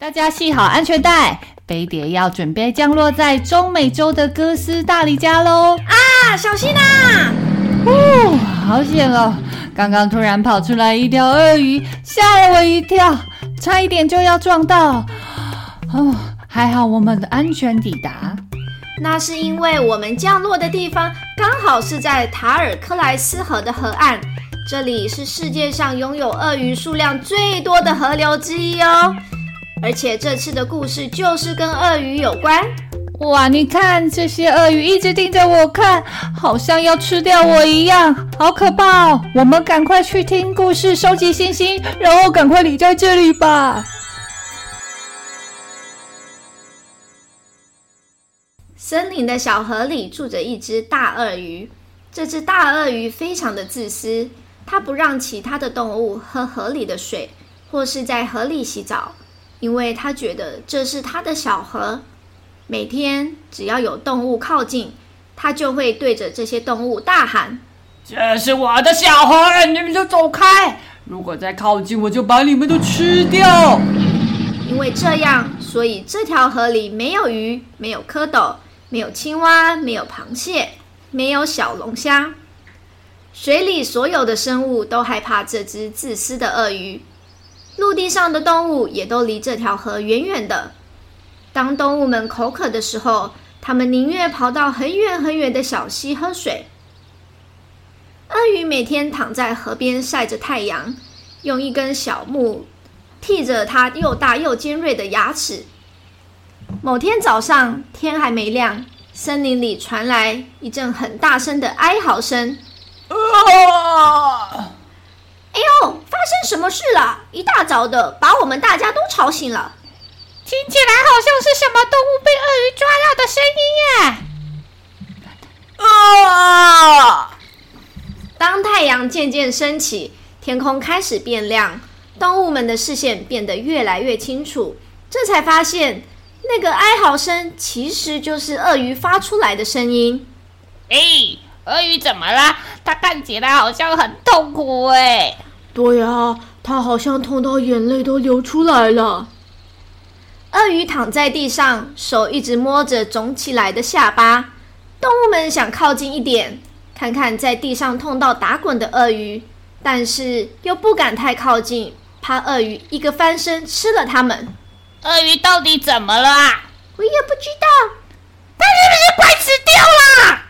大家繫好安全帶，飛碟要準備降落在中美洲的哥斯大黎加嘍！啊，小心啊！嗚，好險哦！剛剛突然跑出來一條鱷魚，嚇了我一跳，差一點就要撞到。哦，還好我們的安全抵達。那是因為我們降落的地方剛好是在塔爾克萊斯河的河岸，這裡是世界上擁有鱷魚數量最多的河流之一哦。而且這次的故事就是跟鱷魚有關。哇，你看這些鱷魚一直盯着我看，好像要吃掉我一樣，好可怕哦！我們趕快去聽故事，收集星星，然後趕快離開這裡吧。森林的小河裡住着一隻大鱷魚，這隻大鱷魚非常的自私，它不讓其他的動物喝河裡的水，或是在河裡洗澡。因為他覺得這是他的小河，每天只要有動物靠近，他就會對着這些動物大喊：“這是我的小河，你們就走開！如果再靠近，我就把你們都吃掉。”因為這樣，所以這條河裡沒有魚，沒有蝌蚪，沒有青蛙，沒有螃蟹，沒有小龍蝦。水裡所有的生物都害怕這隻自私的鱷魚。陸地上的動物也都離這條河遠遠的。當動物們口渴的時候，他們寧願跑到很遠很遠的小溪喝水。鱷魚每天躺在河邊曬着太陽，用一根小木剔着它又大又尖銳的牙齒。某天早上，天還沒亮，森林裡傳來一陣很大聲的哀嚎聲。啊發生什麼事了，啊？一大早的，把我們大家都吵醒了。聽起來好像是什麼動物被鱷魚抓到的聲音耶！啊！哦，當太陽漸漸升起，天空開始變亮，動物們的視線變得越來越清楚。這才發現，那個哀嚎聲其實就是鱷魚發出來的聲音。哎，欸，鱷魚怎麼了？它看起來好像很痛苦誒，欸……對呀、啊，他好像痛到眼淚都流出來了。鱷魚躺在地上，手一直摸着腫起來的下巴。動物們想靠近一點，看看在地上痛到打滾的鱷魚，但是又不敢太靠近，怕鱷魚一個翻身吃了它們。鱷魚到底怎麼了？我也不知道。它是不是快死掉了？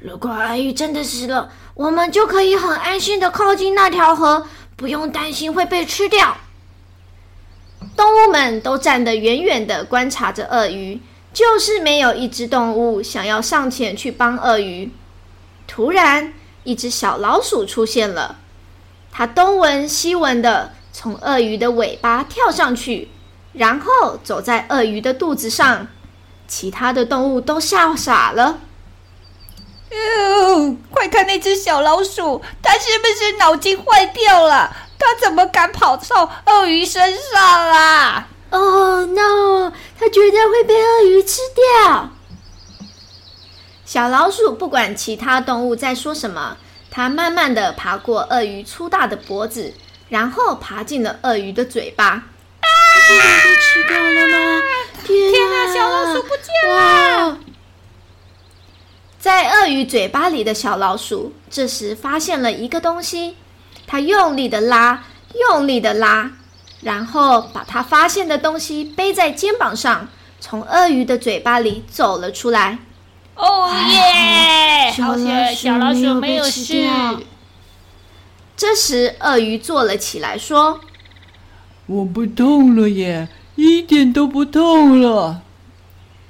如果鱷魚真的死了，我們就可以很安心的靠近那條河。不用擔心會被吃掉。動物們都站得遠遠的觀察着鱷魚，就是沒有一隻動物想要上前去幫鱷魚。突然，一隻小老鼠出現了，它東聞西聞的從鱷魚的尾巴跳上去，然後走在鱷魚的肚子上，其他的動物都嚇傻了。快看那隻小老鼠，它是不是腦筋壞掉了？它怎麼敢跑到鱷魚身上啊哦、oh, no！它覺得會被鱷魚吃掉。小老鼠不管其他動物在說什麼，它慢慢地爬過鱷魚粗大的脖子，然後爬進了鱷魚的嘴巴。被、啊、吃掉了嗎？天啊，天啊，小老鼠不見了。在鱷魚嘴巴裡的小老鼠，這時發現了一個東西，它用力的拉，用力的拉，然後把它發現的東西背在肩膀上，從鱷魚的嘴巴裡走了出來。哦耶！好了，小老鼠沒有事。這時，鱷魚坐了起來，說：“我不痛了耶，一點都不痛了。”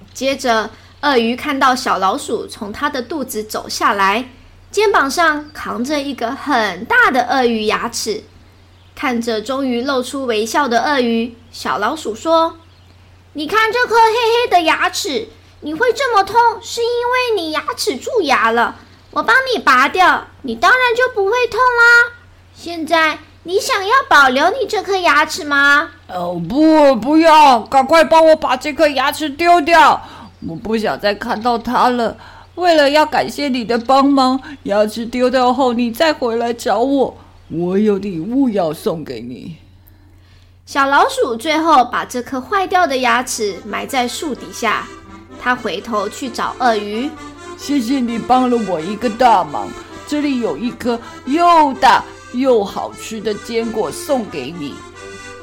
嗯，接着。鱷魚看到小老鼠從它的肚子走下來，肩膀上扛着一個很大的鱷魚牙齒。看着終於露出微笑的鱷魚，小老鼠說：“你看這顆黑黑的牙齒，你會這麼痛，是因為你牙齒蛀牙了。我幫你拔掉，你當然就不會痛啦、啊。現在你想要保留你這顆牙齒嗎？”“哦，不，不要！趕快幫我把這顆牙齒丟掉。”我不想再看到它了。為了要感謝你的幫忙，牙齒丟掉後你再回來找我，我有禮物要送給你。小老鼠最後把這顆壞掉的牙齒埋在樹底下。它回頭去找鱷魚：“謝謝你幫了我一個大忙，這裡有一顆又大又好吃的堅果送給你。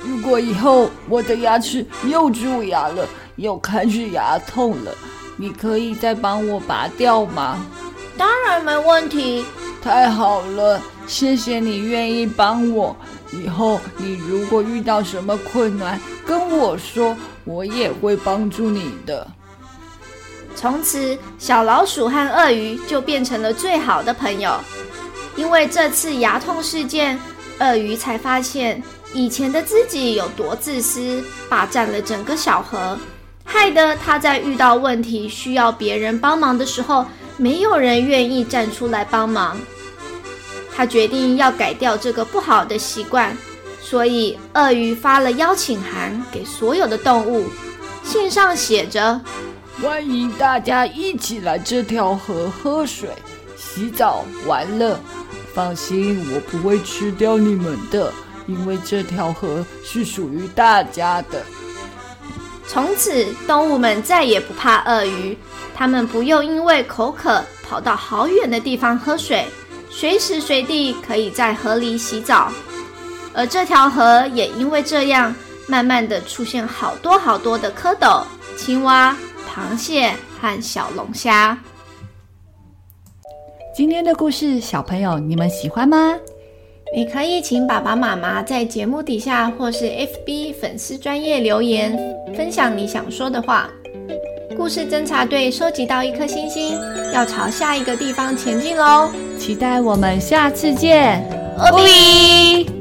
如果以後我的牙齒又蛀牙了，”又開始牙痛了，你可以再幫我拔掉嗎？當然沒問題。太好了，謝謝你願意幫我。以後你如果遇到什麼困難，跟我說，我也會幫助你的。從此，小老鼠和鱷魚就變成了最好的朋友。因為這次牙痛事件，鱷魚才發現以前的自己有多自私，霸佔了整個小河。害得他在遇到問題需要別人幫忙的時候，沒有人願意站出來幫忙。他決定要改掉這個不好的習慣，所以鱷魚發了邀請函給所有的動物。信上寫着：“歡迎大家一起來這條河喝水、洗澡、玩樂。放心，我不會吃掉你們的，因為這條河是屬於大家的。”從此，動物們再也不怕鱷魚，它們不用因為口渴跑到好遠的地方喝水，隨時隨地可以在河裡洗澡。而這條河也因為這樣，慢慢的出現好多好多的蝌蚪、青蛙、螃蟹和小龍蝦。今天的故事，小朋友你們喜歡嗎？你可以請爸爸媽媽在節目底下或是 FB 粉絲專頁留言。分享你想說的話。故事偵察隊收集到一顆星星，要朝下一個地方前進嘍！期待我們下次見，歐比。歐比。